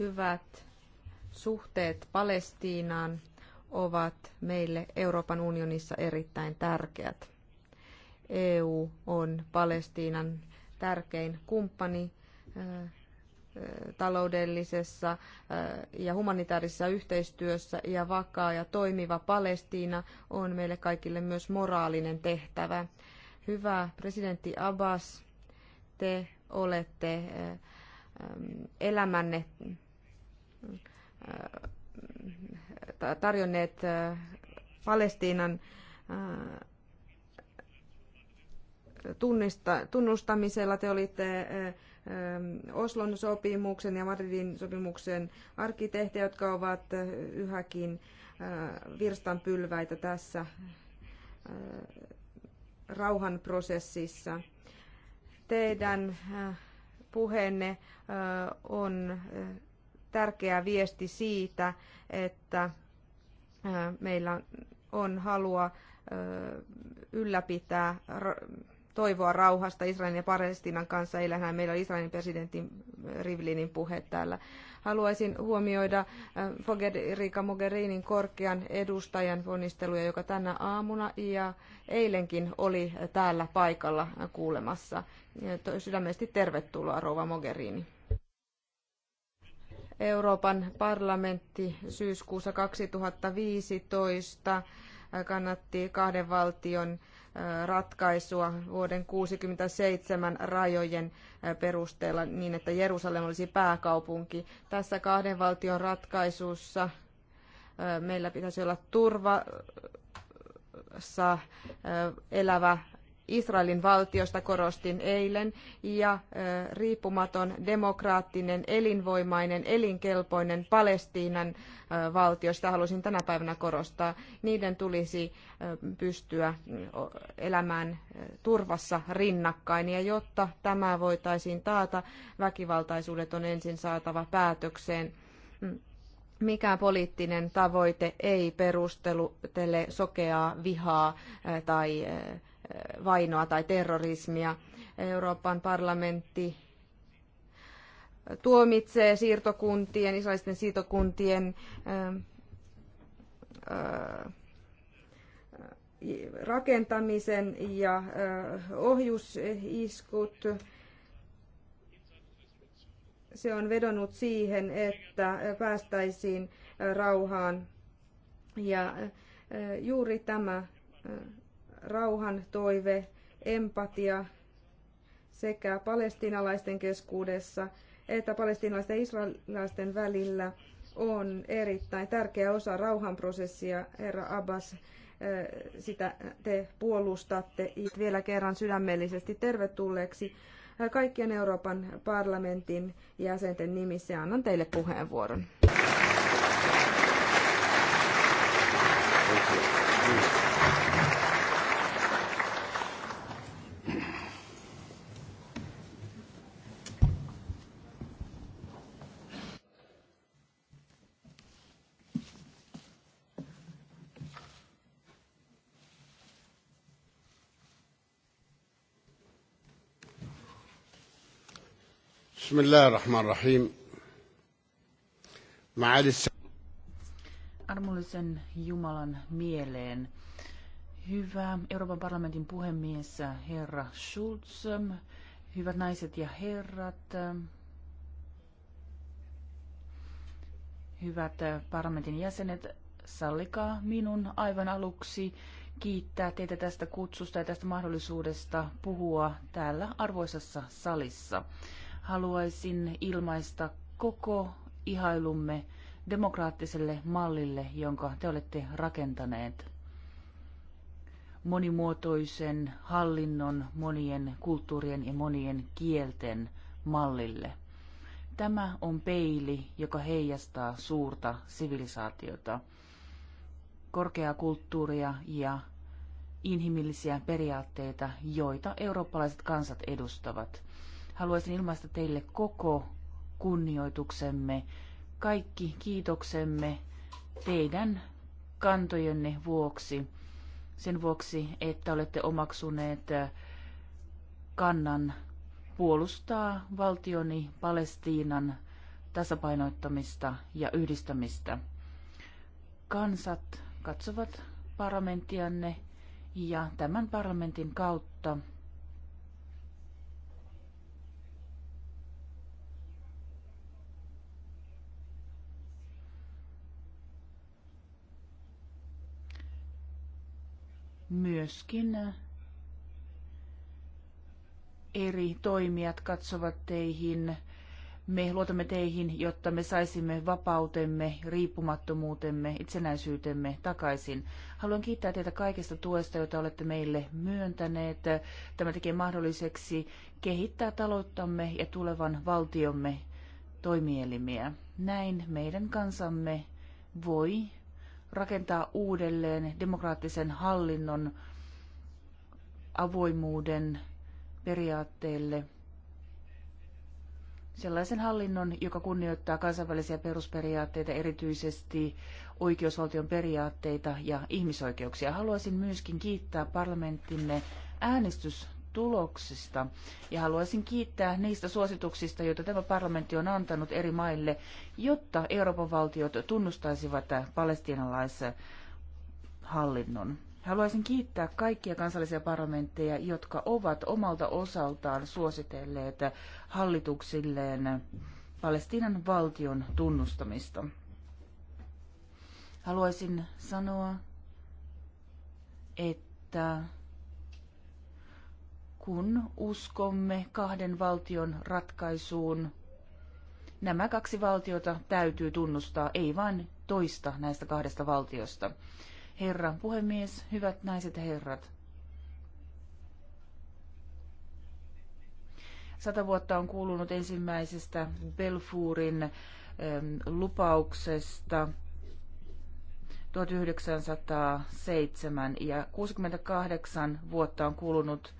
Hyvät suhteet Palestiinaan ovat meille Euroopan unionissa erittäin tärkeät. EU on Palestiinan tärkein kumppani taloudellisessa ja humanitaarisessa yhteistyössä ja vakaa ja toimiva Palestiina on meille kaikille myös moraalinen tehtävä. Hyvä presidentti Abbas, te olette elämänne tarjonneet äh, Palestiinan äh, tunnista, tunnustamisella. Te olitte äh, Oslon sopimuksen ja Madridin sopimuksen arkkitehtejä, jotka ovat yhäkin virstanpylväitä tässä rauhanprosessissa. Teidän puheenne on tärkeä viesti siitä, että meillä on halua ylläpitää toivoa rauhasta Israelin ja Palestiinan kanssa. Eilähän meillä oli Israelin presidentin Rivlinin puhe täällä. Haluaisin huomioida Fogerika Mogherinin korkean edustajan ponnisteluja, joka tänä aamuna ja eilenkin oli täällä paikalla kuulemassa. Sydämesti tervetuloa, Rova Mogherini. Euroopan parlamentti syyskuussa 2015 kannatti kahden valtion ratkaisua vuoden 1967 rajojen perusteella niin, että Jerusalem olisi pääkaupunki. Tässä kahden valtion ratkaisussa meillä pitäisi olla turvassa elävä Israelin valtiosta korostin eilen, ja riippumaton, demokraattinen, elinvoimainen, elinkelpoinen Palestiinan valtio, sitä halusin tänä päivänä korostaa, niiden tulisi pystyä elämään turvassa rinnakkain, ja jotta tämä voitaisiin taata, väkivaltaisuudet on ensin saatava päätökseen mm. mikään poliittinen tavoite ei perustele sokeaa vihaa tai vainoa tai terrorismia. Euroopan parlamentti tuomitsee siirtokuntien, israelisten siirtokuntien ähm, äh, rakentamisen ja äh, ohjusiskut. Se on vedonnut siihen, että päästäisiin äh, rauhaan. Ja juuri tämä rauhan toive, empatia sekä palestinalaisten keskuudessa että palestinalaisten ja israelilaisten välillä on erittäin tärkeä osa rauhanprosessia. Herra Abbas, eh, sitä te puolustatte vielä kerran sydämellisesti tervetulleeksi eh, kaikkien Euroopan parlamentin jäsenten nimissä ja annan teille puheenvuoron. بسم الله الرحمن الرحيم معالي السلام Armollisen Jumalan mieleen. Hyvä Euroopan parlamentin puhemies, herra Schulz, hyvät naiset ja herrat, hyvät parlamentin jäsenet, sallikaa minun aivan aluksi kiittää teitä tästä kutsusta ja tästä mahdollisuudesta puhua täällä arvoisessa salissa haluaisin ilmaista koko ihailumme demokraattiselle mallille, jonka te olette rakentaneet. Monimuotoisen hallinnon, monien kulttuurien ja monien kielten mallille. Tämä on peili, joka heijastaa suurta sivilisaatiota, korkeaa kulttuuria ja inhimillisiä periaatteita, joita eurooppalaiset kansat edustavat – haluaisin ilmaista teille koko kunnioituksemme, kaikki kiitoksemme teidän kantojenne vuoksi, sen vuoksi, että olette omaksuneet äh, kannan puolustaa valtioni Palestiinan tasapainoittamista ja yhdistämistä. Kansat katsovat parlamenttianne ja tämän parlamentin kautta myöskin äh, eri toimijat katsovat teihin. Me luotamme teihin, jotta me saisimme vapautemme, riippumattomuutemme, itsenäisyytemme takaisin. Haluan kiittää teitä kaikesta tuesta, jota olette meille myöntäneet. Tämä tekee mahdolliseksi kehittää talouttamme ja tulevan valtiomme toimielimiä. Näin meidän kansamme voi rakentaa uudelleen demokraattisen hallinnon avoimuuden periaatteelle sellaisen hallinnon, joka kunnioittaa kansainvälisiä perusperiaatteita, erityisesti oikeusvaltion periaatteita ja ihmisoikeuksia. Haluaisin myöskin kiittää parlamenttinne äänestys tuloksista. Ja haluaisin kiittää niistä suosituksista, joita tämä parlamentti on antanut eri maille, jotta Euroopan valtiot tunnustaisivat palestiinalaisen hallinnon. Haluaisin kiittää kaikkia kansallisia parlamentteja, jotka ovat omalta osaltaan suositelleet hallituksilleen Palestiinan valtion tunnustamista. Haluaisin sanoa, että kun uskomme kahden valtion ratkaisuun. Nämä kaksi valtiota täytyy tunnustaa, ei vain toista näistä kahdesta valtiosta. Herra puhemies, hyvät naiset ja herrat. Sata vuotta on kuulunut ensimmäisestä Belfurin ähm, lupauksesta 1907 ja 68 vuotta on kulunut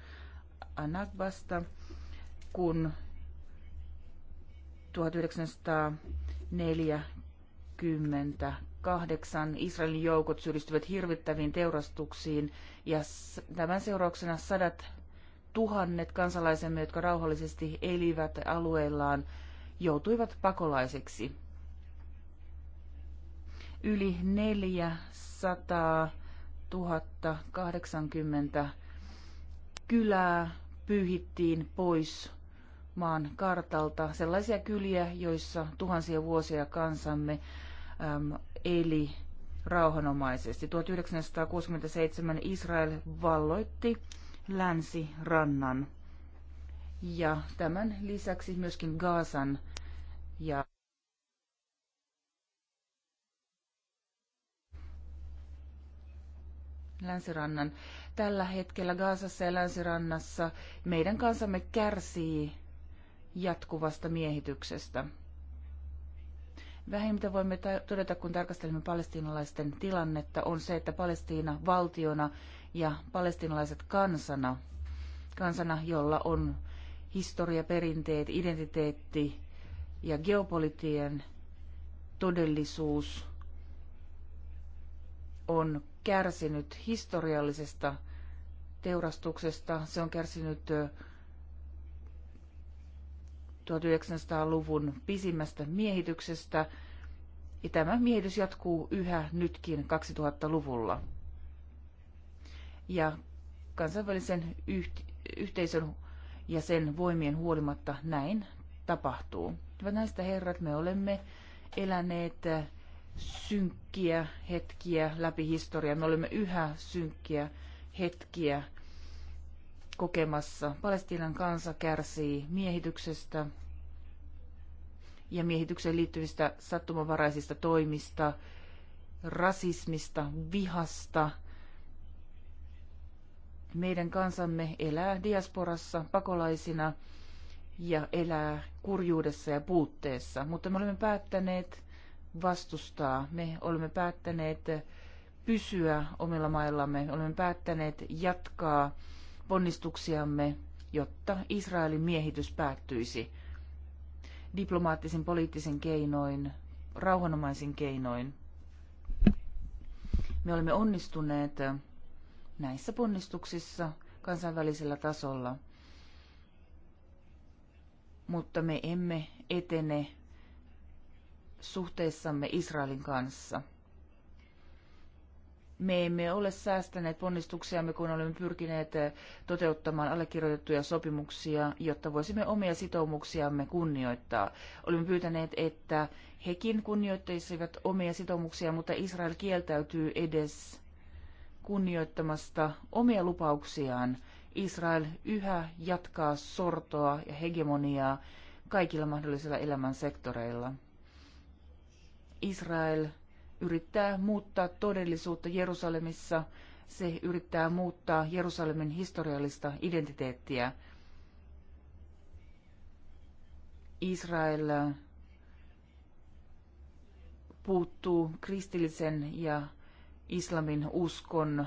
Anagbasta, kun 1948 Israelin joukot syyllistyivät hirvittäviin teurastuksiin ja tämän seurauksena sadat tuhannet kansalaisemme, jotka rauhallisesti elivät alueillaan, joutuivat pakolaiseksi Yli 400 080 kylää pyyhittiin pois maan kartalta sellaisia kyliä, joissa tuhansia vuosia kansamme äm, eli rauhanomaisesti. 1967 Israel valloitti länsirannan ja tämän lisäksi myöskin Gaasan ja länsirannan tällä hetkellä Gaasassa ja länsirannassa meidän kansamme kärsii jatkuvasta miehityksestä. Vähin, mitä voimme todeta, kun tarkastelemme palestiinalaisten tilannetta, on se, että Palestiina valtiona ja palestiinalaiset kansana, kansana, jolla on historia, perinteet, identiteetti ja geopolitiikan todellisuus, on kärsinyt historiallisesta teurastuksesta. Se on kärsinyt 1900-luvun pisimmästä miehityksestä, ja tämä miehitys jatkuu yhä nytkin 2000-luvulla. Ja kansainvälisen yhteisön ja sen voimien huolimatta näin tapahtuu. Hyvät näistä herrat, me olemme eläneet synkkiä hetkiä läpi historiaa. Me olemme yhä synkkiä hetkiä kokemassa. Palestiinan kansa kärsii miehityksestä ja miehitykseen liittyvistä sattumavaraisista toimista, rasismista, vihasta. Meidän kansamme elää diasporassa pakolaisina ja elää kurjuudessa ja puutteessa, mutta me olemme päättäneet vastustaa. Me olemme päättäneet pysyä omilla maillamme. Olemme päättäneet jatkaa ponnistuksiamme, jotta Israelin miehitys päättyisi diplomaattisen poliittisen keinoin, rauhanomaisin keinoin. Me olemme onnistuneet näissä ponnistuksissa kansainvälisellä tasolla, mutta me emme etene suhteessamme Israelin kanssa – me emme ole säästäneet ponnistuksiamme, kun olemme pyrkineet eh, toteuttamaan allekirjoitettuja sopimuksia, jotta voisimme omia sitoumuksiamme kunnioittaa. Olemme pyytäneet, että hekin kunnioittaisivat omia sitoumuksia, mutta Israel kieltäytyy edes kunnioittamasta omia lupauksiaan. Israel yhä jatkaa sortoa ja hegemoniaa kaikilla mahdollisilla elämän sektoreilla. Israel yrittää muuttaa todellisuutta Jerusalemissa. Se yrittää muuttaa Jerusalemin historiallista identiteettiä. Israel puuttuu kristillisen ja islamin uskon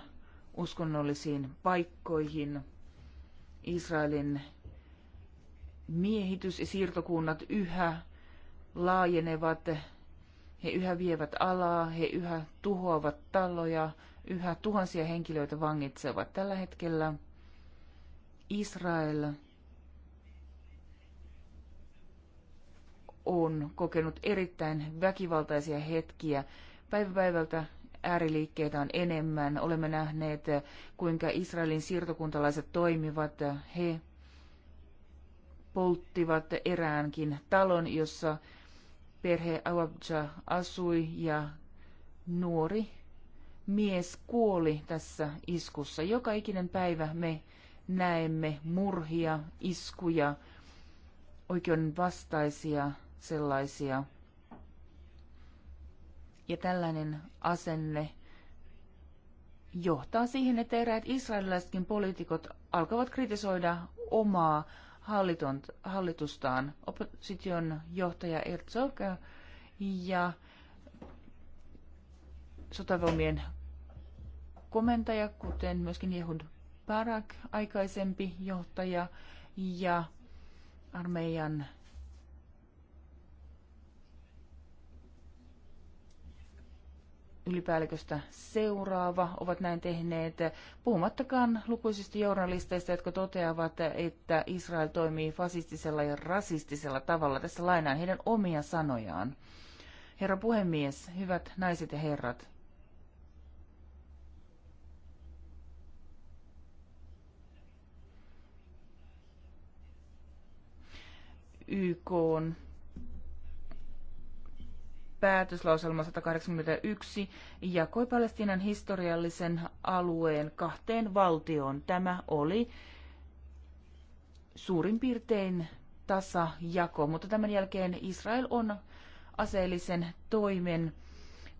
uskonnollisiin paikkoihin. Israelin miehitys ja siirtokunnat yhä laajenevat he yhä vievät alaa, he yhä tuhoavat taloja, yhä tuhansia henkilöitä vangitsevat. Tällä hetkellä Israel on kokenut erittäin väkivaltaisia hetkiä. Päivä päivältä ääriliikkeitä on enemmän. Olemme nähneet, kuinka Israelin siirtokuntalaiset toimivat. He polttivat eräänkin talon, jossa perhe Awabja asui ja nuori mies kuoli tässä iskussa. Joka ikinen päivä me näemme murhia, iskuja, oikeuden vastaisia sellaisia. Ja tällainen asenne johtaa siihen, että eräät israelilaisetkin poliitikot alkavat kritisoida omaa hallitustaan, opposition johtaja Erzog ja sotavoimien komentaja, kuten myöskin Jehud Barak, aikaisempi johtaja ja armeijan ylipäälliköstä seuraava ovat näin tehneet, puhumattakaan lukuisista journalisteista, jotka toteavat, että Israel toimii fasistisella ja rasistisella tavalla. Tässä lainaan heidän omia sanojaan. Herra puhemies, hyvät naiset ja herrat, YK on päätöslauselma 181 jakoi Palestiinan historiallisen alueen kahteen valtioon. Tämä oli suurin piirtein tasajako, mutta tämän jälkeen Israel on aseellisen toimen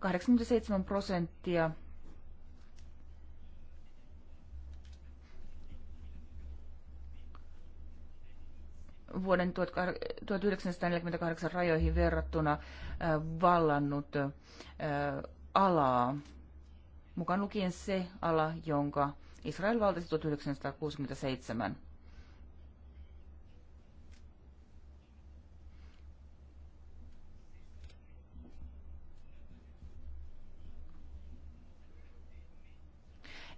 87 prosenttia vuoden 1948 rajoihin verrattuna äh, vallannut äh, alaa, mukaan lukien se ala, jonka Israel valtasi 1967.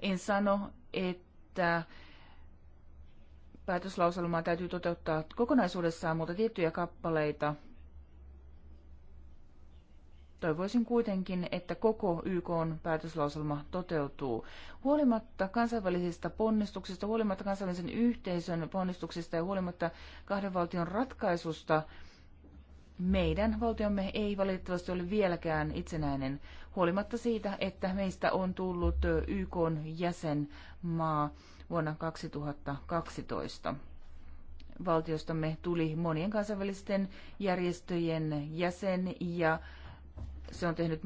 En sano, että päätöslauselmaa täytyy toteuttaa kokonaisuudessaan, mutta tiettyjä kappaleita Toivoisin kuitenkin, että koko YK on päätöslauselma toteutuu. Huolimatta kansainvälisistä ponnistuksista, huolimatta kansainvälisen yhteisön ponnistuksista ja huolimatta kahden valtion ratkaisusta meidän valtiomme ei valitettavasti ole vieläkään itsenäinen, huolimatta siitä, että meistä on tullut YK jäsenmaa vuonna 2012. Valtiostamme tuli monien kansainvälisten järjestöjen jäsen ja se on tehnyt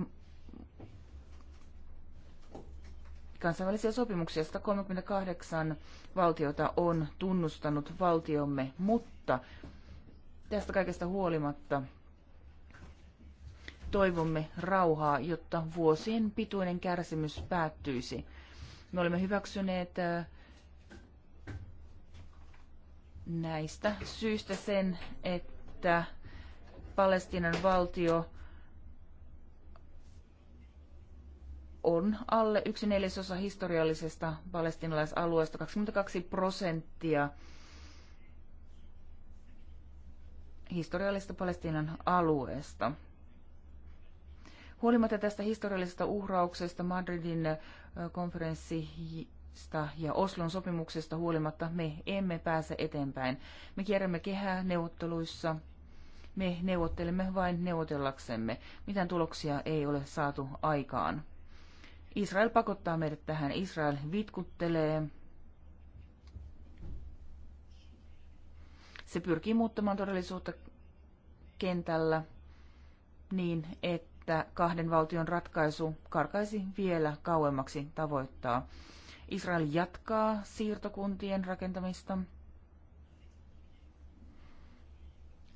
kansainvälisiä sopimuksia. 138 valtiota on tunnustanut valtiomme, mutta Tästä kaikesta huolimatta toivomme rauhaa, jotta vuosien pituinen kärsimys päättyisi. Me olemme hyväksyneet äh, näistä syistä sen, että Palestiinan valtio on alle yksi neljäsosa historiallisesta palestinalaisalueesta, 22 prosenttia historiallisesta Palestiinan alueesta. Huolimatta tästä historiallisesta uhrauksesta Madridin konferenssista ja Oslon sopimuksesta huolimatta me emme pääse eteenpäin. Me kierrämme kehää neuvotteluissa. Me neuvottelemme vain neuvotellaksemme. Mitään tuloksia ei ole saatu aikaan. Israel pakottaa meidät tähän. Israel vitkuttelee Se pyrkii muuttamaan todellisuutta kentällä niin, että kahden valtion ratkaisu karkaisi vielä kauemmaksi tavoittaa. Israel jatkaa siirtokuntien rakentamista.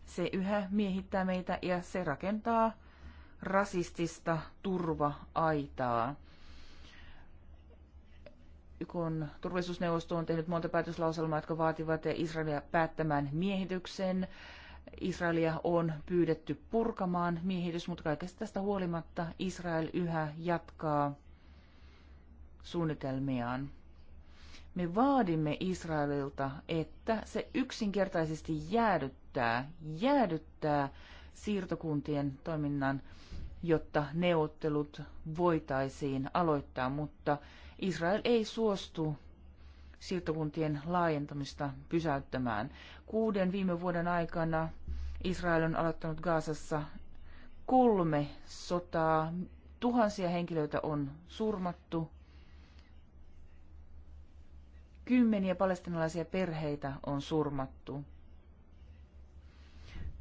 Se yhä miehittää meitä ja se rakentaa rasistista turva-aitaa. YKn turvallisuusneuvosto on tehnyt monta päätöslauselmaa, jotka vaativat Israelia päättämään miehityksen. Israelia on pyydetty purkamaan miehitys, mutta kaikesta tästä huolimatta Israel yhä jatkaa suunnitelmiaan. Me vaadimme Israelilta, että se yksinkertaisesti jäädyttää, jäädyttää siirtokuntien toiminnan, jotta neuvottelut voitaisiin aloittaa, mutta Israel ei suostu siirtokuntien laajentamista pysäyttämään. Kuuden viime vuoden aikana Israel on aloittanut Gaasassa kolme sotaa. Tuhansia henkilöitä on surmattu. Kymmeniä palestinalaisia perheitä on surmattu.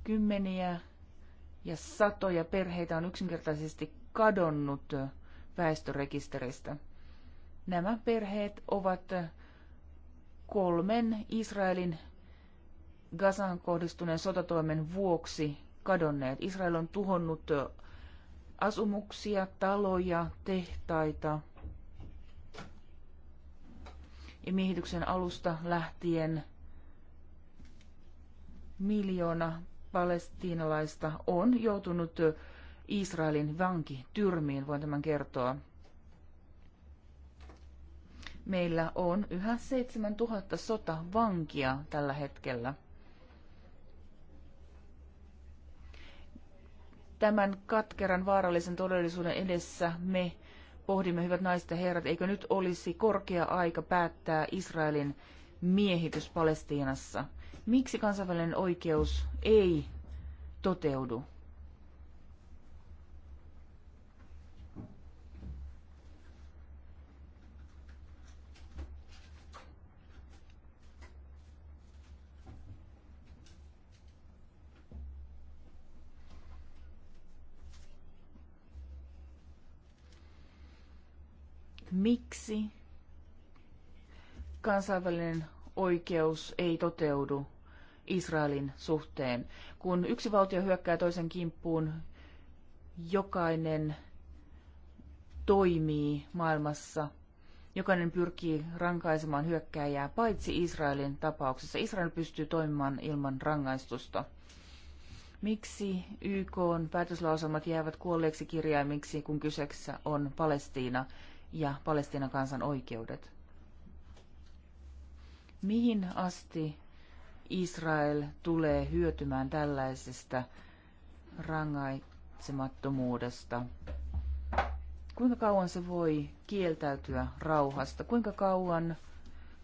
Kymmeniä ja satoja perheitä on yksinkertaisesti kadonnut väestörekisteristä. Nämä perheet ovat kolmen Israelin Gazan kohdistuneen sotatoimen vuoksi kadonneet. Israel on tuhonnut asumuksia, taloja, tehtaita. Ja miehityksen alusta lähtien miljoona palestiinalaista on joutunut Israelin vankityrmiin, voin tämän kertoa. Meillä on yhä 7000 sota vankia tällä hetkellä. Tämän katkeran vaarallisen todellisuuden edessä me pohdimme, hyvät naiset ja herrat, eikö nyt olisi korkea aika päättää Israelin miehitys Palestiinassa? Miksi kansainvälinen oikeus ei toteudu? miksi kansainvälinen oikeus ei toteudu Israelin suhteen. Kun yksi valtio hyökkää toisen kimppuun, jokainen toimii maailmassa. Jokainen pyrkii rankaisemaan hyökkääjää, paitsi Israelin tapauksessa. Israel pystyy toimimaan ilman rangaistusta. Miksi YK päätöslauselmat jäävät kuolleeksi kirjaimiksi, kun kyseessä on Palestiina? ja Palestiinan kansan oikeudet. Mihin asti Israel tulee hyötymään tällaisesta rangaitsemattomuudesta? Kuinka kauan se voi kieltäytyä rauhasta? Kuinka kauan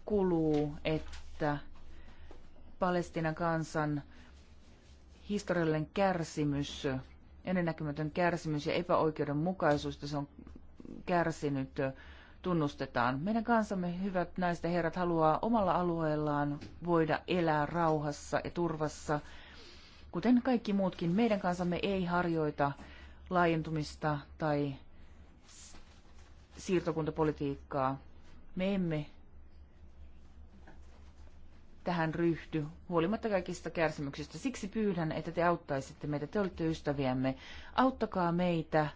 kuluu, että Palestinan kansan historiallinen kärsimys, ennennäkemätön kärsimys ja epäoikeudenmukaisuus, se on kärsinyt tunnustetaan. Meidän kansamme, hyvät näistä herrat, haluaa omalla alueellaan voida elää rauhassa ja turvassa. Kuten kaikki muutkin, meidän kansamme ei harjoita laajentumista tai siirtokuntapolitiikkaa. Me emme tähän ryhty. huolimatta kaikista kärsimyksistä. Siksi pyydän, että te auttaisitte meitä, te olette ystäviämme. Auttakaa meitä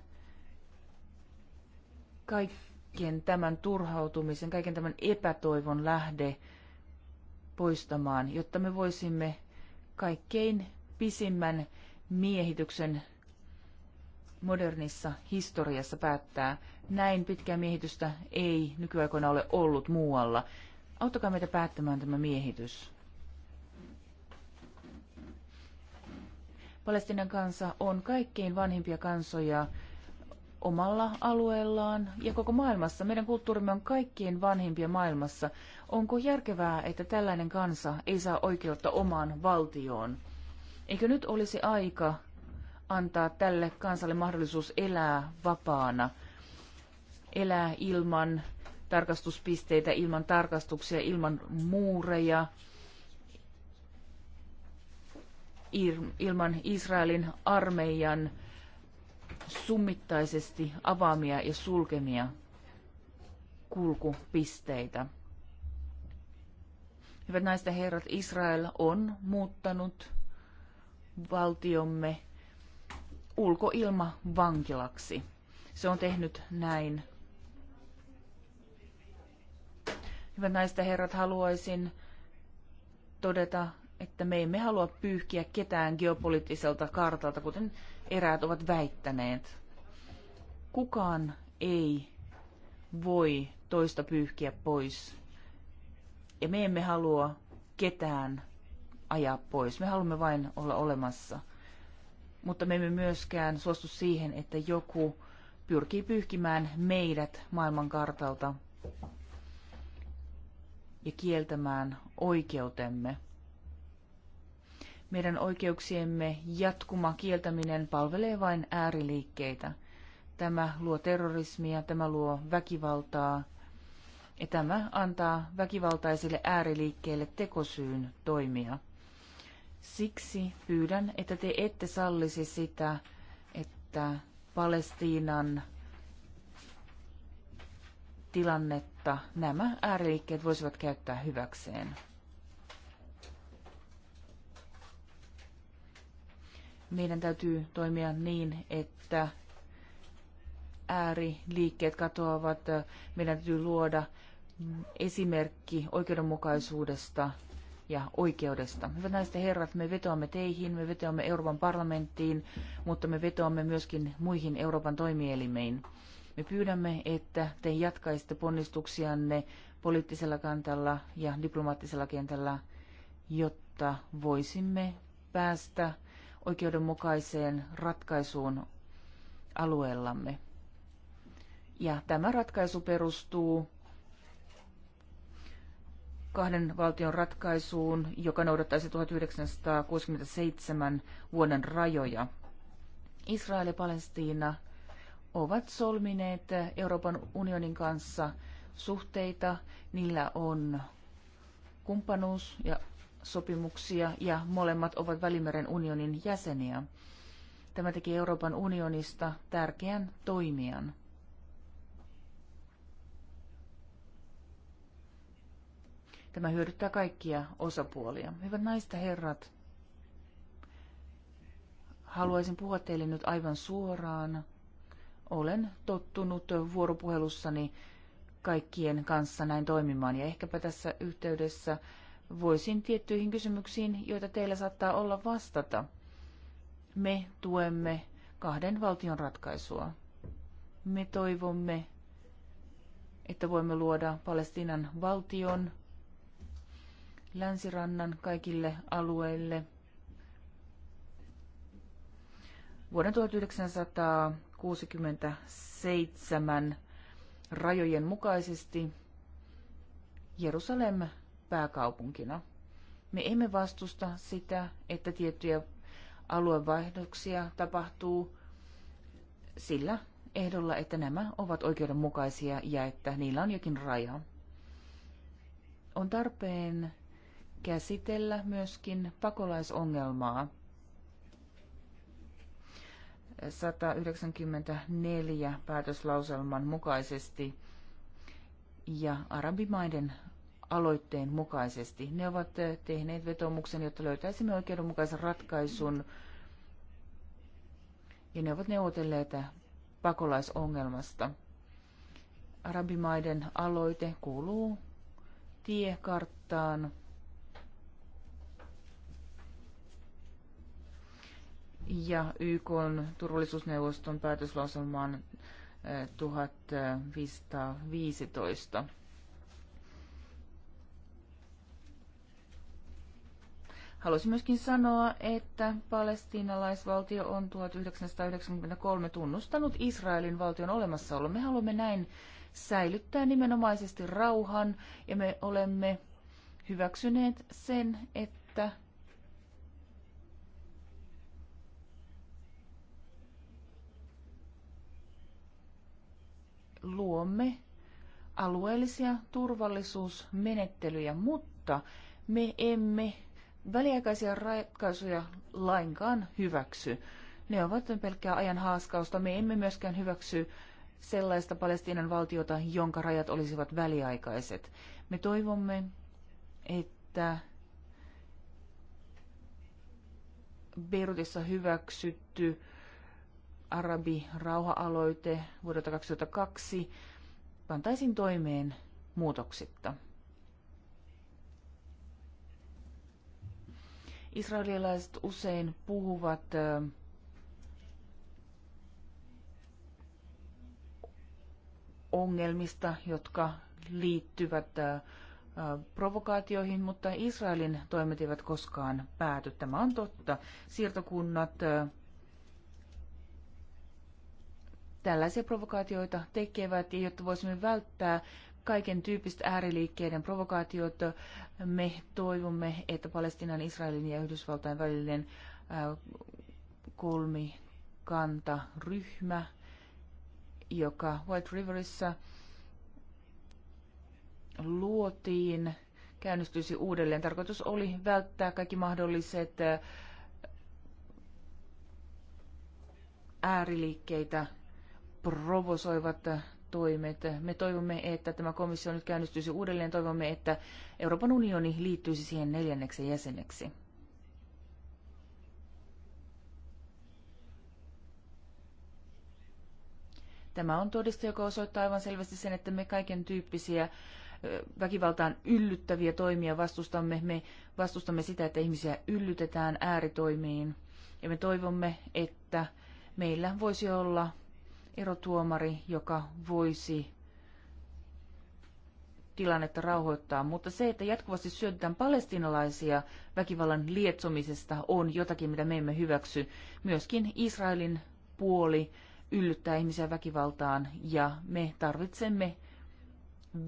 kaiken tämän turhautumisen, kaiken tämän epätoivon lähde poistamaan, jotta me voisimme kaikkein pisimmän miehityksen modernissa historiassa päättää. Näin pitkää miehitystä ei nykyaikoina ole ollut muualla. Auttakaa meitä päättämään tämä miehitys. Palestinan kansa on kaikkein vanhimpia kansoja omalla alueellaan ja koko maailmassa. Meidän kulttuurimme on kaikkien vanhimpia maailmassa. Onko järkevää, että tällainen kansa ei saa oikeutta omaan valtioon? Eikö nyt olisi aika antaa tälle kansalle mahdollisuus elää vapaana, elää ilman tarkastuspisteitä, ilman tarkastuksia, ilman muureja, ilman Israelin armeijan summittaisesti avaamia ja sulkemia kulkupisteitä. Hyvät naiset ja herrat, Israel on muuttanut valtiomme ulkoilmavankilaksi. Se on tehnyt näin. Hyvät naiset ja herrat, haluaisin todeta, että me emme halua pyyhkiä ketään geopoliittiselta kartalta, kuten eräät ovat väittäneet. Kukaan ei voi toista pyyhkiä pois. Ja me emme halua ketään ajaa pois. Me haluamme vain olla olemassa. Mutta me emme myöskään suostu siihen, että joku pyrkii pyyhkimään meidät maailman kartalta ja kieltämään oikeutemme meidän oikeuksiemme jatkuma kieltäminen palvelee vain ääriliikkeitä. Tämä luo terrorismia, tämä luo väkivaltaa ja tämä antaa väkivaltaisille ääriliikkeille tekosyyn toimia. Siksi pyydän, että te ette sallisi sitä, että Palestiinan tilannetta nämä ääriliikkeet voisivat käyttää hyväkseen. meidän täytyy toimia niin, että ääriliikkeet katoavat. Meidän täytyy luoda esimerkki oikeudenmukaisuudesta ja oikeudesta. Hyvät näistä herrat, me vetoamme teihin, me vetoamme Euroopan parlamenttiin, mutta me vetoamme myöskin muihin Euroopan toimielimiin. Me pyydämme, että te jatkaisitte ponnistuksianne poliittisella kantalla ja diplomaattisella kentällä, jotta voisimme päästä oikeudenmukaiseen ratkaisuun alueellamme. Ja tämä ratkaisu perustuu kahden valtion ratkaisuun, joka noudattaisi 1967 vuoden rajoja. Israel ja Palestiina ovat solmineet Euroopan unionin kanssa suhteita. Niillä on kumppanuus- ja sopimuksia ja molemmat ovat Välimeren unionin jäseniä. Tämä teki Euroopan unionista tärkeän toimijan. Tämä hyödyttää kaikkia osapuolia. Hyvät naista herrat, haluaisin puhua teille nyt aivan suoraan. Olen tottunut vuoropuhelussani kaikkien kanssa näin toimimaan ja ehkäpä tässä yhteydessä voisin tiettyihin kysymyksiin, joita teillä saattaa olla vastata. Me tuemme kahden valtion ratkaisua. Me toivomme, että voimme luoda Palestiinan valtion länsirannan kaikille alueille. Vuoden 1967 rajojen mukaisesti Jerusalem pääkaupunkina. Me emme vastusta sitä, että tiettyjä aluevaihdoksia tapahtuu sillä ehdolla, että nämä ovat oikeudenmukaisia ja että niillä on jokin raja. On tarpeen käsitellä myöskin pakolaisongelmaa. 194 päätöslauselman mukaisesti ja arabimaiden aloitteen mukaisesti. Ne ovat eh, tehneet vetomuksen, jotta löytäisimme oikeudenmukaisen ratkaisun ja ne ovat neuvotelleet pakolaisongelmasta. Arabimaiden aloite kuuluu tiekarttaan. Ja YK on turvallisuusneuvoston päätöslauselmaan 1515. Eh, Haluaisin myöskin sanoa, että palestiinalaisvaltio on 1993 tunnustanut Israelin valtion olemassaolon. Me haluamme näin säilyttää nimenomaisesti rauhan ja me olemme hyväksyneet sen, että luomme alueellisia turvallisuusmenettelyjä, mutta me emme väliaikaisia ratkaisuja lainkaan hyväksy. Ne ovat pelkkää ajan haaskausta. Me emme myöskään hyväksy sellaista Palestiinan valtiota, jonka rajat olisivat väliaikaiset. Me toivomme, että Beirutissa hyväksytty arabi rauha-aloite vuodelta 2002 pantaisiin toimeen muutoksitta. Israelilaiset usein puhuvat ongelmista, jotka liittyvät provokaatioihin, mutta Israelin toimet eivät koskaan pääty. Tämä on totta. Siirtokunnat tällaisia provokaatioita tekevät, ja jotta voisimme välttää kaiken tyyppiset ääriliikkeiden provokaatiot. Me toivomme, että Palestinan, Israelin ja Yhdysvaltain välinen kolmikantaryhmä, joka White Riverissa luotiin, käynnistyisi uudelleen. Tarkoitus oli välttää kaikki mahdolliset ääriliikkeitä provosoivat toimet. Me toivomme, että tämä komissio nyt käynnistyisi uudelleen. Toivomme, että Euroopan unioni liittyisi siihen neljänneksi jäseneksi. Tämä on todiste, joka osoittaa aivan selvästi sen, että me kaiken tyyppisiä väkivaltaan yllyttäviä toimia vastustamme. Me vastustamme sitä, että ihmisiä yllytetään ääritoimiin. Ja me toivomme, että meillä voisi olla erotuomari, joka voisi tilannetta rauhoittaa, mutta se, että jatkuvasti syötetään palestinalaisia väkivallan lietsomisesta, on jotakin, mitä me emme hyväksy. Myöskin Israelin puoli yllyttää ihmisiä väkivaltaan ja me tarvitsemme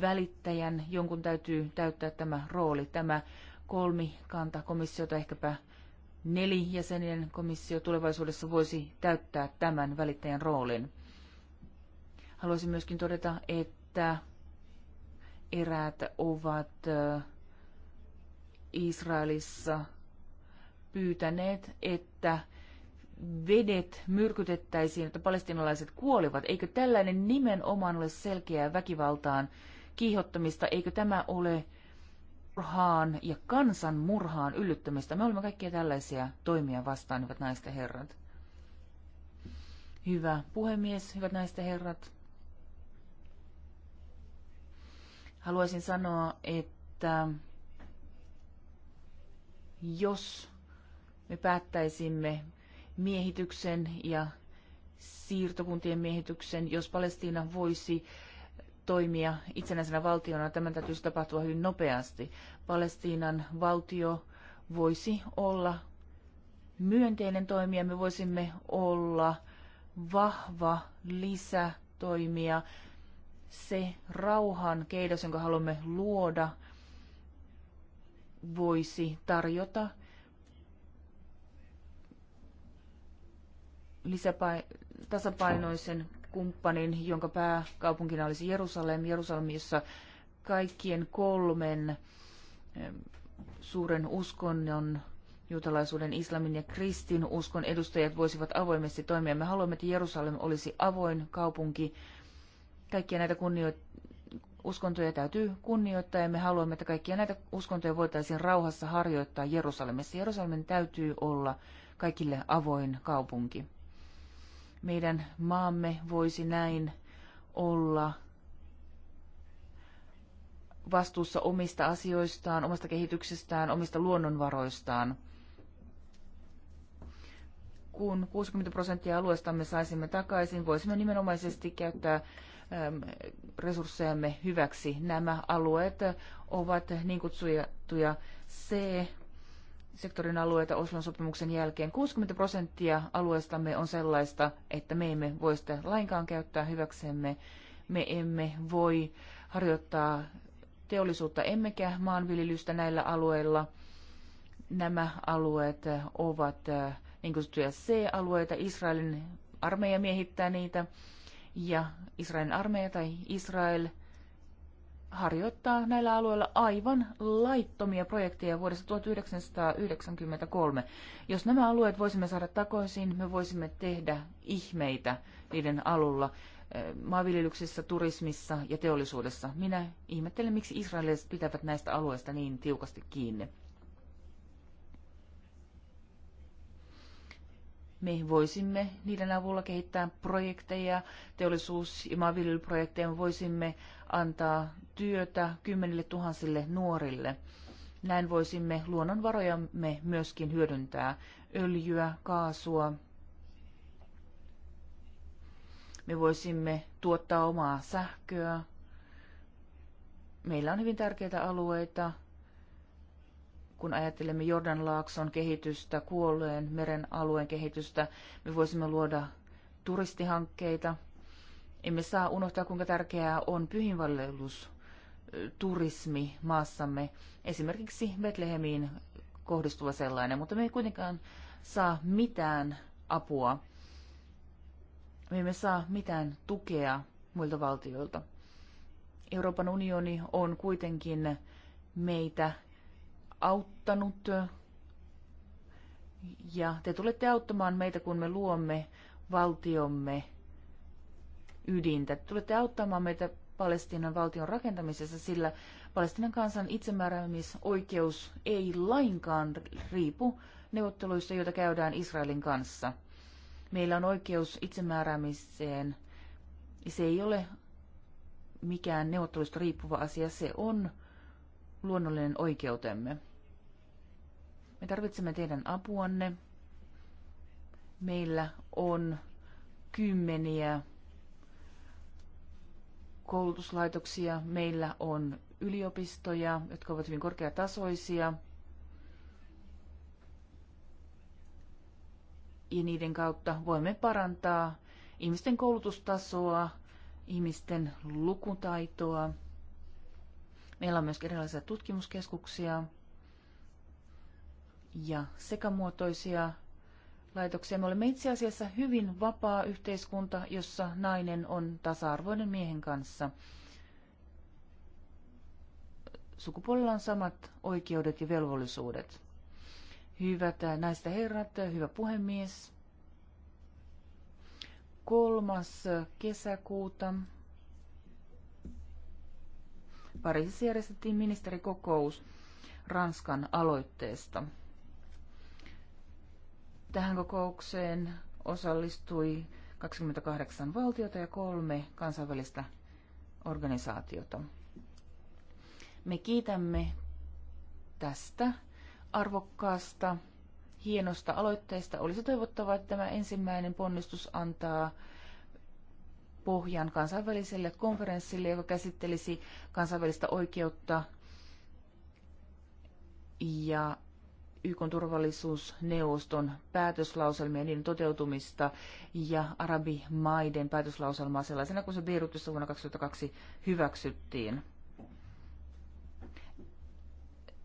välittäjän, jonkun täytyy täyttää tämä rooli, tämä kolmikanta tai ehkäpä nelijäsenien komissio tulevaisuudessa voisi täyttää tämän välittäjän roolin. Haluaisin myöskin todeta, että eräät ovat Israelissa pyytäneet, että vedet myrkytettäisiin, että palestinalaiset kuolivat. Eikö tällainen nimenomaan ole selkeää väkivaltaan kiihottamista? Eikö tämä ole murhaan ja kansan murhaan yllyttämistä? Me olemme kaikkia tällaisia toimia vastaan, hyvät naisten herrat. Hyvä puhemies, hyvät naisten herrat. haluaisin sanoa, että jos me päättäisimme miehityksen ja siirtokuntien miehityksen, jos Palestiina voisi toimia itsenäisenä valtiona, tämän täytyisi tapahtua hyvin nopeasti. Palestiinan valtio voisi olla myönteinen toimija, me voisimme olla vahva lisätoimija se rauhan keidos, jonka haluamme luoda, voisi tarjota lisäpai- tasapainoisen kumppanin, jonka pääkaupunkina olisi Jerusalem. Jerusalem, jossa kaikkien kolmen suuren uskonnon, juutalaisuuden, islamin ja kristin uskon edustajat voisivat avoimesti toimia. Me haluamme, että Jerusalem olisi avoin kaupunki, Kaikkia näitä kunnioit- uskontoja täytyy kunnioittaa ja me haluamme, että kaikkia näitä uskontoja voitaisiin rauhassa harjoittaa Jerusalemissa. Jerusalemin täytyy olla kaikille avoin kaupunki. Meidän maamme voisi näin olla vastuussa omista asioistaan, omasta kehityksestään, omista luonnonvaroistaan. Kun 60 prosenttia alueestamme saisimme takaisin, voisimme nimenomaisesti käyttää Ähm, resurssejamme hyväksi. Nämä alueet ovat niin kutsuttuja C-sektorin alueita Oslon sopimuksen jälkeen. 60 prosenttia alueestamme on sellaista, että me emme voi sitä lainkaan käyttää hyväksemme. Me emme voi harjoittaa teollisuutta emmekä maanviljelystä näillä alueilla. Nämä alueet ovat äh, niin kutsuttuja C-alueita. Israelin armeija miehittää niitä ja Israelin armeija tai Israel harjoittaa näillä alueilla aivan laittomia projekteja vuodesta 1993. Jos nämä alueet voisimme saada takaisin, me voisimme tehdä ihmeitä niiden alulla eh, maanviljelyksessä, turismissa ja teollisuudessa. Minä ihmettelen, miksi israelilaiset pitävät näistä alueista niin tiukasti kiinni. me voisimme niiden avulla kehittää projekteja, teollisuus- ja maanviljelyprojekteja, me voisimme antaa työtä kymmenille tuhansille nuorille. Näin voisimme luonnonvarojamme myöskin hyödyntää öljyä, kaasua. Me voisimme tuottaa omaa sähköä. Meillä on hyvin tärkeitä alueita, kun ajattelemme Jordan Laakson kehitystä, kuolleen meren alueen kehitystä, me voisimme luoda turistihankkeita. Emme saa unohtaa, kuinka tärkeää on pyhinvallellus turismi maassamme, esimerkiksi Betlehemiin kohdistuva sellainen, mutta me ei kuitenkaan saa mitään apua. Me emme saa mitään tukea muilta valtioilta. Euroopan unioni on kuitenkin meitä auttanut ja te tulette auttamaan meitä, kun me luomme valtiomme ydintä. Te tulette auttamaan meitä Palestiinan valtion rakentamisessa, sillä Palestiinan kansan itsemääräämisoikeus ei lainkaan riipu neuvotteluista, joita käydään Israelin kanssa. Meillä on oikeus itsemääräämiseen. Se ei ole mikään neuvotteluista riippuva asia, se on luonnollinen oikeutemme. Me tarvitsemme teidän apuanne. Meillä on kymmeniä koulutuslaitoksia, meillä on yliopistoja, jotka ovat hyvin korkeatasoisia. Ja niiden kautta voimme parantaa ihmisten koulutustasoa, ihmisten lukutaitoa. Meillä on myös erilaisia tutkimuskeskuksia ja sekamuotoisia laitoksia. Me olemme itse asiassa hyvin vapaa yhteiskunta, jossa nainen on tasa-arvoinen miehen kanssa. Sukupuolella on samat oikeudet ja velvollisuudet. Hyvät näistä herrat, hyvä puhemies. Kolmas kesäkuuta Pariisissa järjestettiin ministerikokous Ranskan aloitteesta – Tähän kokoukseen osallistui 28 valtiota ja kolme kansainvälistä organisaatiota. Me kiitämme tästä arvokkaasta, hienosta aloitteesta. Olisi toivottavaa, että tämä ensimmäinen ponnistus antaa pohjan kansainväliselle konferenssille, joka käsittelisi kansainvälistä oikeutta ja YK turvallisuusneuvoston päätöslauselmia, niiden toteutumista ja arabimaiden päätöslauselmaa sellaisena kuin se Beirutissa vuonna 2002 hyväksyttiin.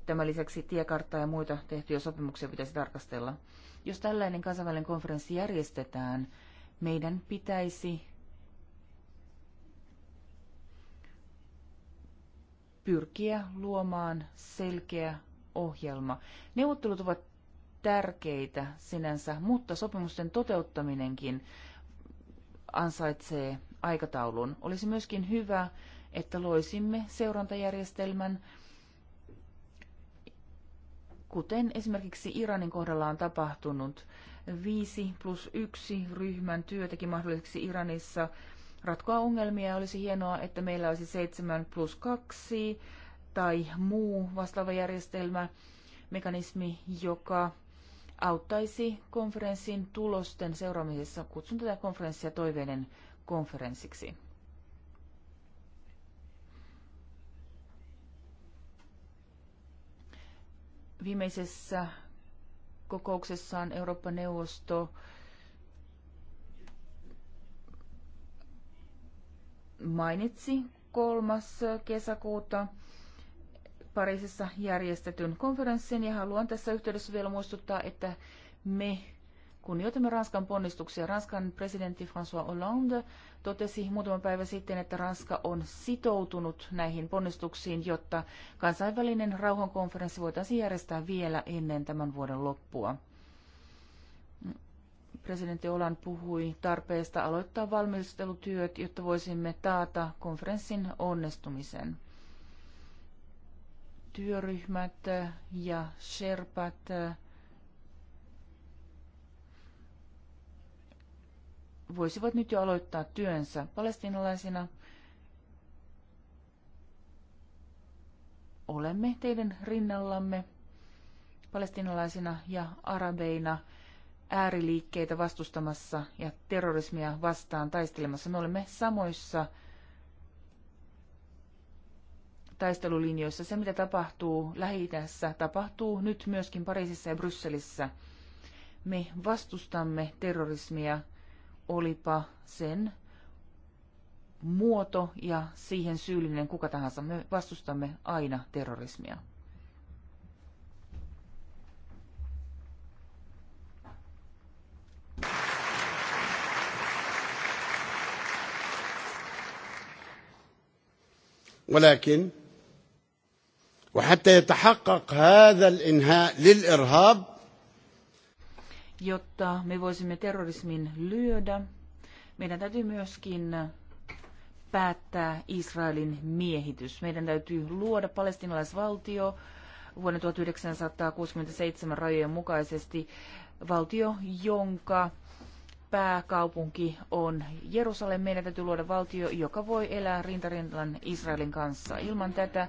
Tämän lisäksi tiekarttaa ja muita tehtyjä sopimuksia pitäisi tarkastella. Jos tällainen kansainvälinen konferenssi järjestetään, meidän pitäisi pyrkiä luomaan selkeä ohjelma. Neuvottelut ovat tärkeitä sinänsä, mutta sopimusten toteuttaminenkin ansaitsee aikataulun. Olisi myöskin hyvä, että loisimme seurantajärjestelmän, kuten esimerkiksi Iranin kohdalla on tapahtunut. 5 plus 1 ryhmän työ teki mahdolliseksi Iranissa ratkoa ongelmia. Olisi hienoa, että meillä olisi 7 plus 2 tai muu vastaava järjestelmä, mekanismi, joka auttaisi konferenssin tulosten seuraamisessa. Kutsun tätä konferenssia toiveinen konferenssiksi. Viimeisessä kokouksessaan Euroopan neuvosto mainitsi kolmas kesäkuuta Pariisissa järjestetyn konferenssin ja haluan tässä yhteydessä vielä muistuttaa, että me kunnioitamme Ranskan ponnistuksia. Ranskan presidentti François Hollande totesi muutama päivä sitten, että Ranska on sitoutunut näihin ponnistuksiin, jotta kansainvälinen rauhankonferenssi voitaisiin järjestää vielä ennen tämän vuoden loppua. Presidentti Olan puhui tarpeesta aloittaa valmistelutyöt, jotta voisimme taata konferenssin onnistumisen työryhmät ja serpat voisivat nyt jo aloittaa työnsä palestinalaisina. Olemme teidän rinnallamme palestinalaisina ja arabeina ääriliikkeitä vastustamassa ja terrorismia vastaan taistelemassa. Me olemme samoissa taistelulinjoissa. Se, mitä tapahtuu lähi tapahtuu nyt myöskin Pariisissa ja Brysselissä. Me vastustamme terrorismia, olipa sen muoto ja siihen syyllinen kuka tahansa. Me vastustamme aina terrorismia. ولكن وحتى يتحقق هذا الانهاء للارهاب jotta me voisimme terrorismin lyödä, meidän täytyy myöskin päättää Israelin miehitys. Meidän täytyy luoda palestinalaisvaltio vuonna 1967 rajojen mukaisesti valtio, jonka pääkaupunki on Jerusalem. Meidän täytyy luoda valtio, joka voi elää rintarintalan Israelin kanssa. Ilman tätä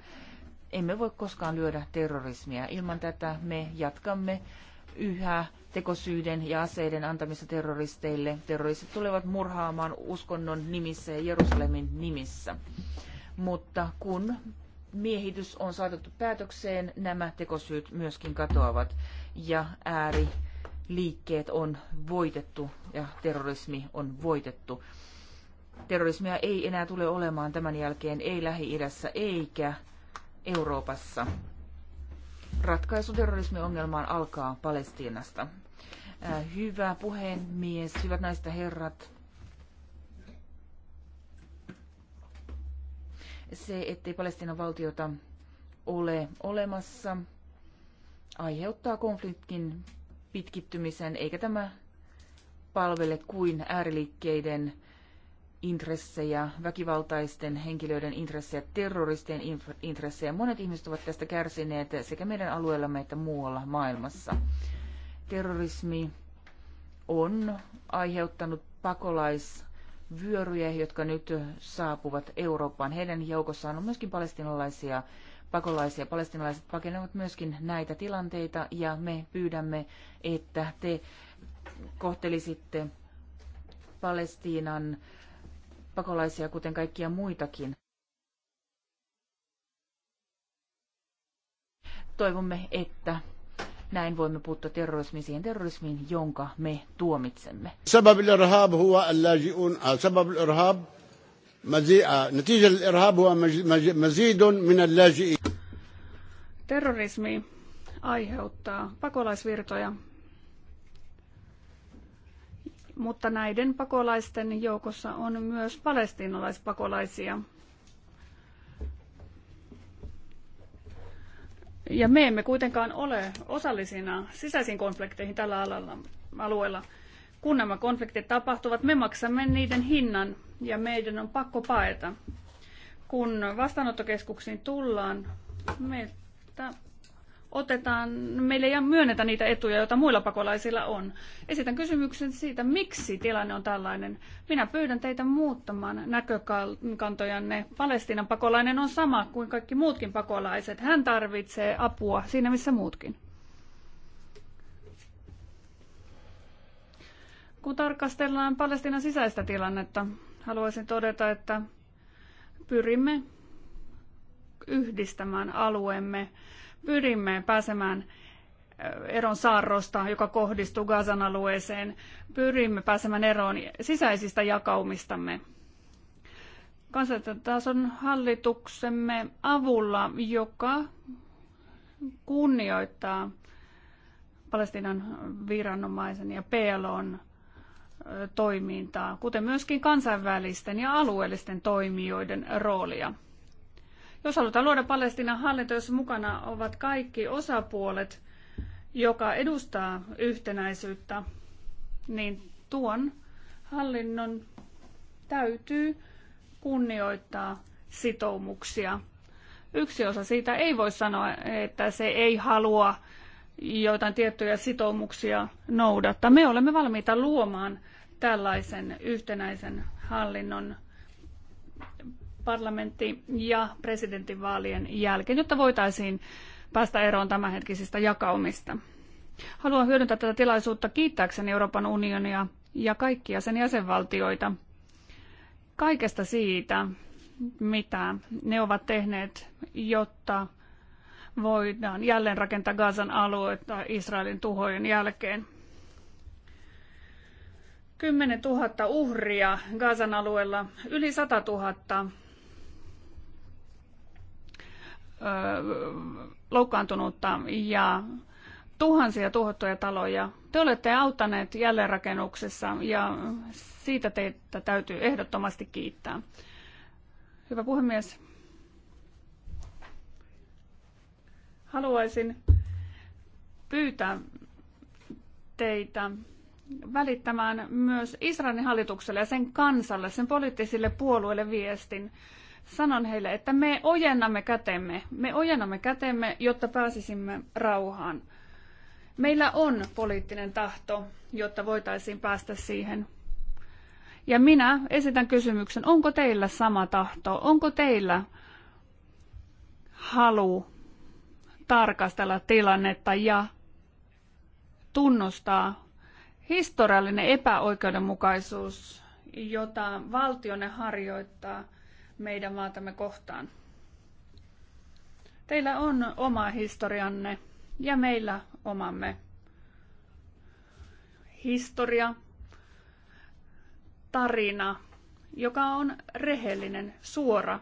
emme voi koskaan lyödä terrorismia. Ilman tätä me jatkamme yhä tekosyyden ja aseiden antamista terroristeille. Terroristit tulevat murhaamaan uskonnon nimissä ja Jerusalemin nimissä. Mutta kun miehitys on saatettu päätökseen, nämä tekosyyt myöskin katoavat ja liikkeet on voitettu ja terrorismi on voitettu. Terrorismia ei enää tule olemaan tämän jälkeen, ei Lähi-idässä eikä Euroopassa. Ratkaisu terrorismiongelmaan alkaa Palestiinasta. Äh, hyvä puhemies, hyvät naiset ja herrat. Se, ettei Palestiinan valtiota ole olemassa, aiheuttaa konfliktin pitkittymisen, eikä tämä palvele kuin ääriliikkeiden intressejä, väkivaltaisten henkilöiden intressejä, terroristien intressejä. Monet ihmiset ovat tästä kärsineet sekä meidän alueellamme että muualla maailmassa. Terrorismi on aiheuttanut pakolaisvyöryjä, jotka nyt saapuvat Eurooppaan. Heidän joukossaan on myöskin palestinalaisia pakolaisia. Palestinalaiset pakenevat myöskin näitä tilanteita ja me pyydämme, että te kohtelisitte Palestiinan pakolaisia, kuten kaikkia muitakin. Toivomme, että näin voimme puuttua terrorismiin, siihen terrorismiin, jonka me tuomitsemme. سبب الإرهاب هو اللاجئون سبب الإرهاب مزيئة نتيجة الإرهاب هو مزيد من اللاجئين Terrorismi aiheuttaa pakolaisvirtoja mutta näiden pakolaisten joukossa on myös palestiinalaispakolaisia. Ja me emme kuitenkaan ole osallisina sisäisiin konflikteihin tällä alalla, alueella. Kun nämä konfliktit tapahtuvat, me maksamme niiden hinnan ja meidän on pakko paeta. Kun vastaanottokeskuksiin tullaan, meiltä otetaan, no meille ei myönnetä niitä etuja, joita muilla pakolaisilla on. Esitän kysymyksen siitä, miksi tilanne on tällainen. Minä pyydän teitä muuttamaan näkökantojanne. Palestinan pakolainen on sama kuin kaikki muutkin pakolaiset. Hän tarvitsee apua siinä, missä muutkin. Kun tarkastellaan Palestinan sisäistä tilannetta, haluaisin todeta, että pyrimme yhdistämään alueemme Pyrimme pääsemään eron saarrosta, joka kohdistuu Gazan alueeseen. Pyrimme pääsemään eroon sisäisistä jakaumistamme. Kansallisen hallituksemme avulla, joka kunnioittaa Palestiinan viranomaisen ja PLOn toimintaa, kuten myöskin kansainvälisten ja alueellisten toimijoiden roolia. Jos halutaan luoda Palestinan hallinto, jossa mukana ovat kaikki osapuolet, joka edustaa yhtenäisyyttä, niin tuon hallinnon täytyy kunnioittaa sitoumuksia. Yksi osa siitä ei voi sanoa, että se ei halua joitain tiettyjä sitoumuksia noudattaa. Me olemme valmiita luomaan tällaisen yhtenäisen hallinnon parlamentti- ja presidentinvaalien jälkeen, jotta voitaisiin päästä eroon tämänhetkisistä jakaumista. Haluan hyödyntää tätä tilaisuutta kiittääkseni Euroopan unionia ja kaikkia sen jäsenvaltioita kaikesta siitä, mitä ne ovat tehneet, jotta voidaan jälleen rakentaa Gazan aluetta Israelin tuhojen jälkeen. 10 000 uhria Gazan alueella, yli 100 000 loukkaantunutta ja tuhansia tuhottuja taloja. Te olette auttaneet jälleenrakennuksessa ja siitä teitä täytyy ehdottomasti kiittää. Hyvä puhemies. Haluaisin pyytää teitä välittämään myös Israelin hallitukselle ja sen kansalle, sen poliittisille puolueille viestin, sanon heille, että me ojennamme kätemme. Me ojennamme kätemme, jotta pääsisimme rauhaan. Meillä on poliittinen tahto, jotta voitaisiin päästä siihen. Ja minä esitän kysymyksen, onko teillä sama tahto? Onko teillä halu tarkastella tilannetta ja tunnustaa historiallinen epäoikeudenmukaisuus, jota valtionne harjoittaa – meidän maatamme kohtaan. Teillä on oma historianne ja meillä omamme historia, tarina, joka on rehellinen, suora.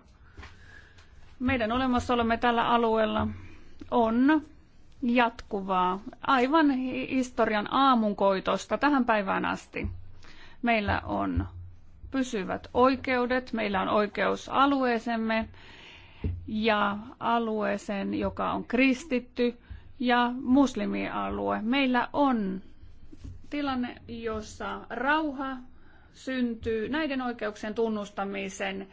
Meidän olemassaolomme tällä alueella on jatkuvaa, aivan historian aamunkoitosta tähän päivään asti. Meillä on pysyvät oikeudet. Meillä on oikeus alueeseemme ja alueeseen, joka on kristitty ja muslimialue. Meillä on tilanne, jossa rauha syntyy näiden oikeuksien tunnustamisen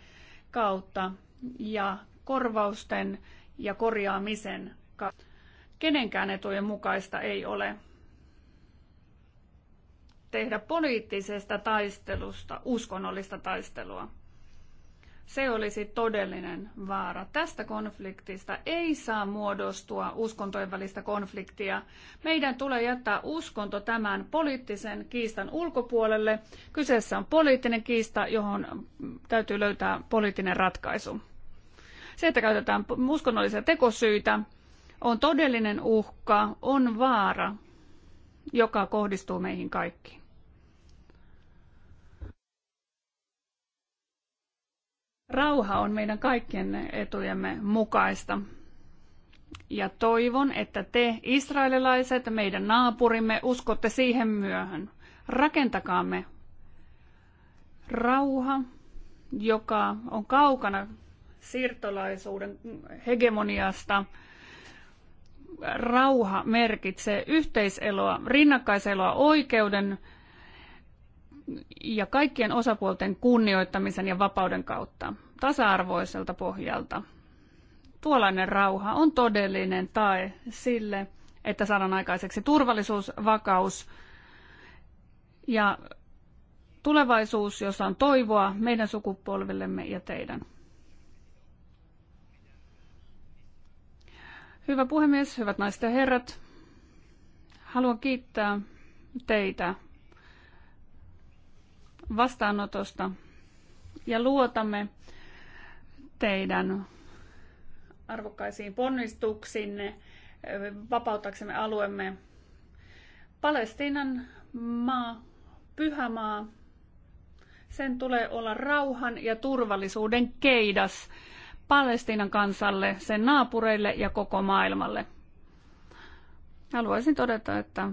kautta ja korvausten ja korjaamisen kautta. Kenenkään etujen mukaista ei ole tehdä poliittisesta taistelusta uskonnollista taistelua. Se olisi todellinen vaara. Tästä konfliktista ei saa muodostua uskontojen välistä konfliktia. Meidän tulee jättää uskonto tämän poliittisen kiistan ulkopuolelle. Kyseessä on poliittinen kiista, johon täytyy löytää poliittinen ratkaisu. Se, että käytetään uskonnollisia tekosyitä, on todellinen uhka, on vaara joka kohdistuu meihin kaikkiin. Rauha on meidän kaikkien etujemme mukaista. Ja toivon, että te israelilaiset, meidän naapurimme, uskotte siihen myöhön. Rakentakaamme rauha, joka on kaukana siirtolaisuuden hegemoniasta – rauha merkitsee yhteiseloa, rinnakkaiseloa, oikeuden ja kaikkien osapuolten kunnioittamisen ja vapauden kautta, tasa-arvoiselta pohjalta. Tuollainen rauha on todellinen tae sille, että saadaan aikaiseksi turvallisuus, vakaus ja tulevaisuus, jossa on toivoa meidän sukupolvillemme ja teidän. Hyvä puhemies, hyvät naiset ja herrat. Haluan kiittää teitä vastaanotosta ja luotamme teidän arvokkaisiin ponnistuksiinne vapauttaksemme alueemme. Palestiinan maa, pyhä maa, sen tulee olla rauhan ja turvallisuuden keidas Palestiinan kansalle, sen naapureille ja koko maailmalle. Haluaisin todeta, että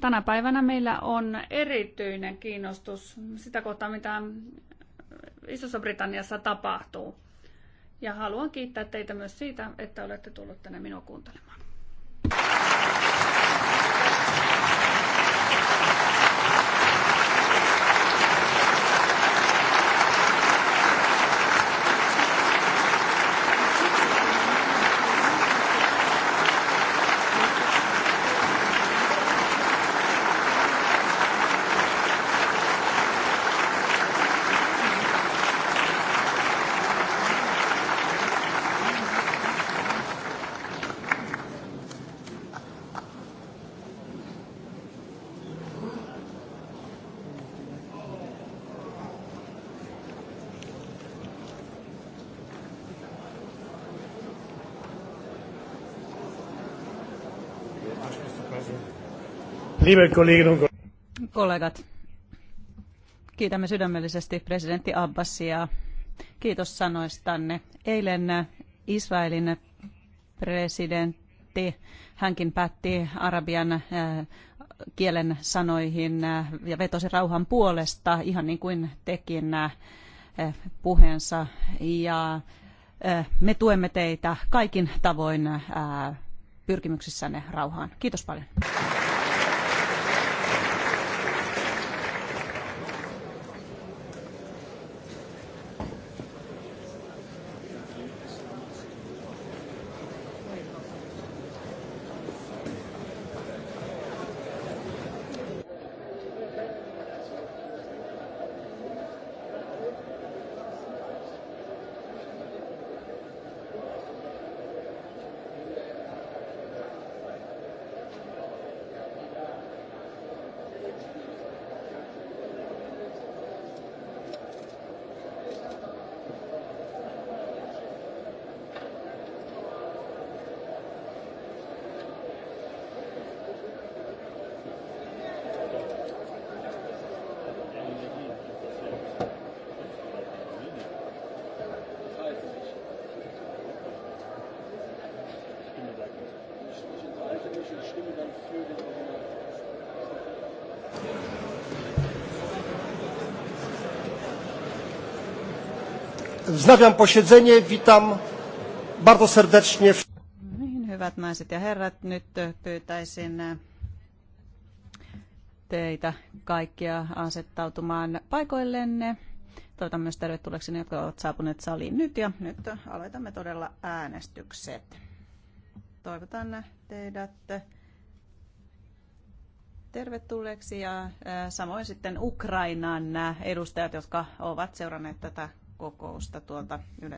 tänä päivänä meillä on erityinen kiinnostus sitä kohtaa, mitä Isossa Britanniassa tapahtuu. Ja haluan kiittää teitä myös siitä, että olette tullut tänne minua kuuntelemaan. Liebe Kolleginnen und Kollegat, kiitämme sydämellisesti presidentti Abbasia. Kiitos sanoistanne. Eilen Israelin presidentti, hänkin päätti arabian äh, kielen sanoihin äh, ja vetosi rauhan puolesta, ihan niin kuin tekin äh, puheensa. Ja me tuemme teitä kaikin tavoin pyrkimyksissänne rauhaan. Kiitos paljon. Wznawiam posiedzenie. Witam bardzo serdecznie. Niin, hyvät naiset ja herrat, nyt pyytäisin teitä kaikkia asettautumaan paikoillenne. Toivotan myös tervetulleeksi ne, jotka ovat saapuneet saliin nyt ja nyt aloitamme todella äänestykset. Toivotan teidät tervetulleeksi ja samoin sitten Ukrainan edustajat, jotka ovat seuranneet tätä kokousta tuolta yle-